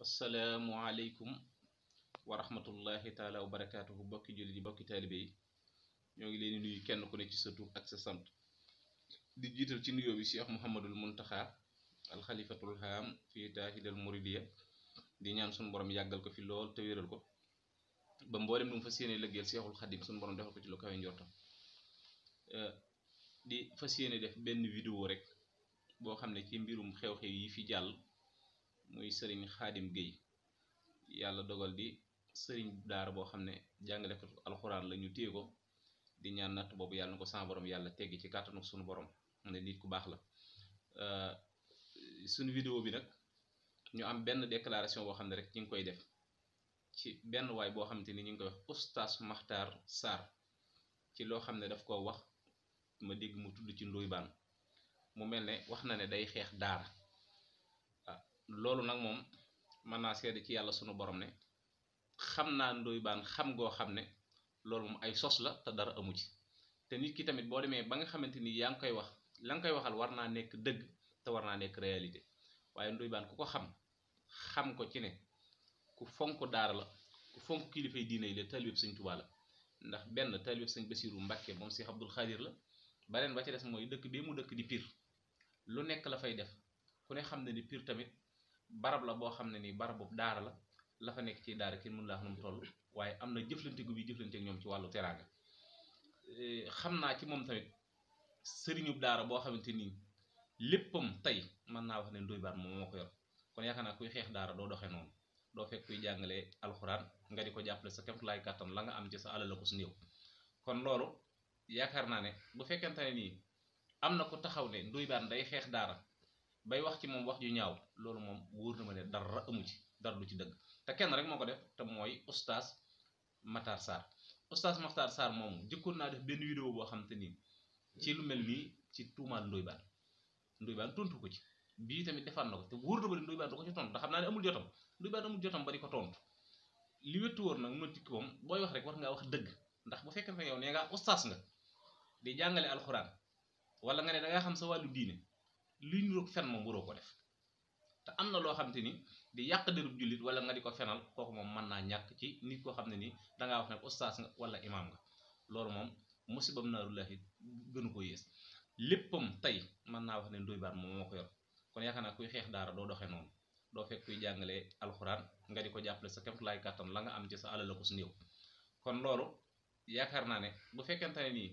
asalaamualeykum wa rahmatullahi taala wa barakaatuhu bokki jullit yi bokki taalibe yi ñoo ngi leen di kenn ku ne ci sa tur ak sa sant di jiital ci nuyoo bi Cheikh Mouhamadul Muntaxa alxalifatul haam fii taahidal muridiya di ñaan suñu borom yàggal ko fi lool te wéral ko ba mboole lu mu fas yéene lëggeel Seexul Xadim suñu borom defal ko ci lu kawe njortam eh, di fas yéene def benn vidéo rek boo xam ne ci mbirum xew-xew yi fi jàll muy sëriñ xaadim Guèye yàlla dogal di sëriñ daara boo xam ne jàngalekat alxuraan la ñu téye di ñaan natt boobu yàlla na ko sans borom yàlla tegg ci kàttanu suñu borom ne nit ku baax la euh, suñu video bi nag ñu am benn déclaration boo xam ne rek ñu ngi koy def ci benn waay boo xamante ni ñu ngi koy wax oustaz Makhtar Sarr ci loo xam ne daf koo wax ma digg mu tudd ci Ndoye mu mel ne wax na ne day xeex daara loolu nak mom man na seede ci yalla suñu borom ne xamna ndoy ban xam go xam ne loolu ay sos la ta dara amu ci te nit ki tamit bo demee ba nga xamanteni yang koy wax lang koy waxal warna nek deug ta warna nek réalité waye ndoy ban ku ko xam xam ko ci ne ku fonku dara la ku fonku kilifay diine le talib seigne touba la ndax ben talib seigne Basiiru Mbàkke mom cheikh Abdul khadir la balen ba ci dess moy dëkk bi mu dëkk di Pire lu nek la fay def ku ne xam na ni Pire tamit barab la boo xam ne nii barab boobu daara la la fa nekk ci daara kenn mun laa xam nu mu toll waaye am na jëflante gu bi ñoom ci wàllu teraanga e, xam naa ci moom tamit sëriñub daara boo xamante nii léppam tey mën naa wax ne ndoy baar moom moo ko yor kon yaakaar naa kuy xeex daara doo doxee noonu doo fekk kuy jàngale alxuraan nga di ko jàppale sa kemtulaay kàttan la nga am ci sa alal la ko su néew kon loolu yaakaar naa ne bu fekkente ne nii am na ko taxaw ne ndoy baar day xeex daara bay wax ci moom wax yu ñaaw loolu moom wóor na ma ne dara amu ci dara du ci dëgg te kenn rek moo ko def te mooy oustaz Matar Sarr oustaz Matar Sarr moom jëkkoon naa def benn vidéo boo xam te ni ci lu mel nii ci tuumaal Ndoye Bane Ndoye Bane tontu ko ci bii tamit defar na ko te wóor na ma ne Ndoye Bane du ko ci tontu te xam naa ne amul jotam Ndoye Bane amul jotam bari ko tontu li wettu woon nag mënti moom booy wax rek war ngaa wax dëgg ndax bu fekkee ne yow nee ngaa oustaz nga jàngale alxuraan wala nga da ngaa xam sa wàllu diine. li ñu fen moom waroo ko def te am na loo xam te ni di yàq dërub jullit wala nga di ko fenal kooku moom mën naa ñàkk ci nit koo xam ne nii dangaa wax ne ustaas nga wala imaam nga loolu moom musibam naaru laahi gënu ko yées léppam tey mën naa wax ne ndoy baat moo ko yor kon yaakaar naa kuy xeex daara doo doxee noonu doo fekk kuy jàngale alxuraan nga di ko jàppale sa kemtulaay kàttan la nga am ci sa alal ko su néew kon loolu yaakaar naa ne bu fekkente ne nii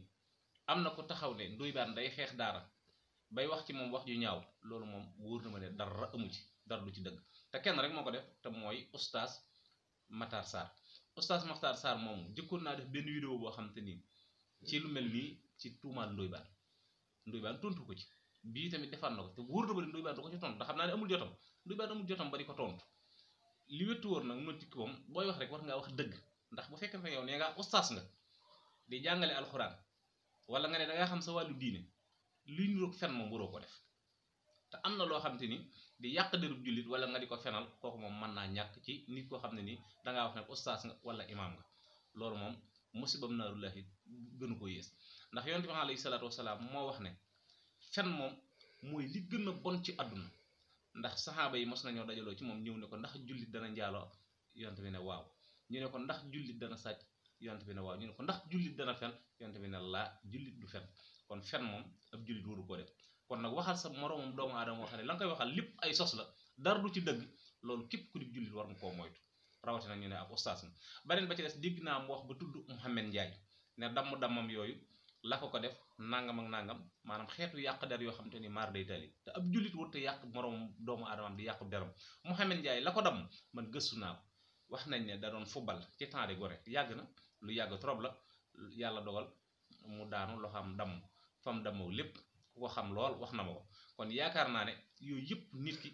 am na ko taxaw ne ndoy day xeex daara bay wax ci moom wax ju ñaaw loolu moom wóor na ma ne dara amu ci dara du ci dëgg te kenn rek moo ko def te mooy oustaz Matar Sarr oustaz Matar saar moom jëkkoon naa def benn vidéo boo xam te ni ci lu mel nii ci tuumaal Ndoye Bane Ndoye Bane tontu ko ci bii tamit defar na ko te wóor na ma ne Ndoye Bane du ko ci tontu ndax xam naa ne amul jotam Ndoye Bane amul jotam ba di ko tontu li wettu wóor nag mënti koom booy wax rek war ngaa wax dëgg ndax bu fekkee ne yow nee ngaa oustaz nga di jàngale alxuraan wala nga ne xam sa wàllu diine. li ñu roog fen moom ko def te amna lo loo ni di yaq dërub jullit wala nga diko fenal koku mom man na ñak ci nit ko xam ne ni wax nek oustaz nga wala imam nga loolu mom musibam naarullahi gënu ko yées ndax yoonte bi alayhi salaatu wassalam mo wax ne fen mom moy li gëna bon ci aduna ndax sahaba yi mos nañu dajalo ci mom ñew ne ko ndax jullit dana ndialo yoonte ne waaw ñu ne ko ndax jullit dana sacc yonent bi ne waaw ñu ne ko ndax jullit dana fen yonent bi ne laa jullit du fen kon fen moom ab jullit waru ko def kon nag waxal sa moroomam doomu aadama waxal ne la nga koy waxal lépp ay sos la dara du ci dëgg loolu képp ku di jullit war nga koo moytu rawatina ñu ne ab ustaas na beneen ba ci dégg naa mu wax ba tudd Mouhamed Ndiaye ne damm dammam yooyu la ko ko def nangam ak nangam maanaam xeetu yàq der yoo xam ni maar day tali te ab jullit wut yàq moroom doomu aadamaam di yàqu deram Mouhamed Ndiaye la ko damm man gëstu naa ko wax nañ ne da doon football ci temps de gore yàgg na lu yàgg trop la yàlla dogal mu daanu loo xam dam fam dammoo lépp ku ko xam lool wax na ma ko kon yaakaar naa ne yooyu yëpp nit ki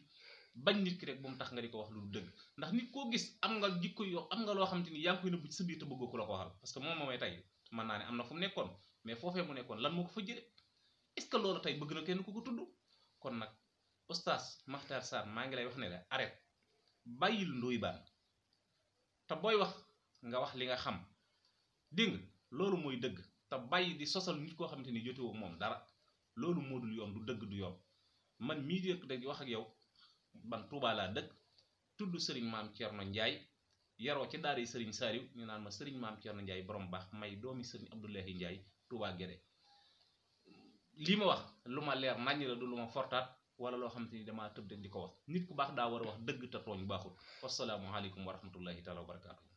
bañ nit ki rek bu mu tax nga di ko wax lu dëgg ndax nit koo gis am nga jikko yoo am nga loo xam te ni yaa ngi koy nëbb ci sa biir te bëggoo ko waxal parce que moom moomay tey mën naa ne am na mu nekkoon mais foofee mu nekkoon lan moo ko fa jële est que loolu tey bëgg na kenn ku ko tudd kon nag oustaz Makhtar Sarr maa ngi lay wax ne la arrête bàyyil ndoy baan te booy wax nga wax li nga xam ding lolu moy deug ta bàyyi di sosal nit ko xamanteni ni wo mom dara lolu modul yoon du deug du yoon man mi di deug wax ak yow man Touba la deug tuddu Serigne maam cierno ndjay yaro ci daara Serigne Sariw ñu naan ma Serigne maam cierno ndjay borom bax may doomi Serigne abdullahi ndjay Touba gere lii ma wax luma leer nañ la du luma fortat wala lo xamanteni dama teub deug di wax nit ku bax da war wax deug ta togn tooñ assalamu alaykum wa rahmatullahi taala wa barakatuh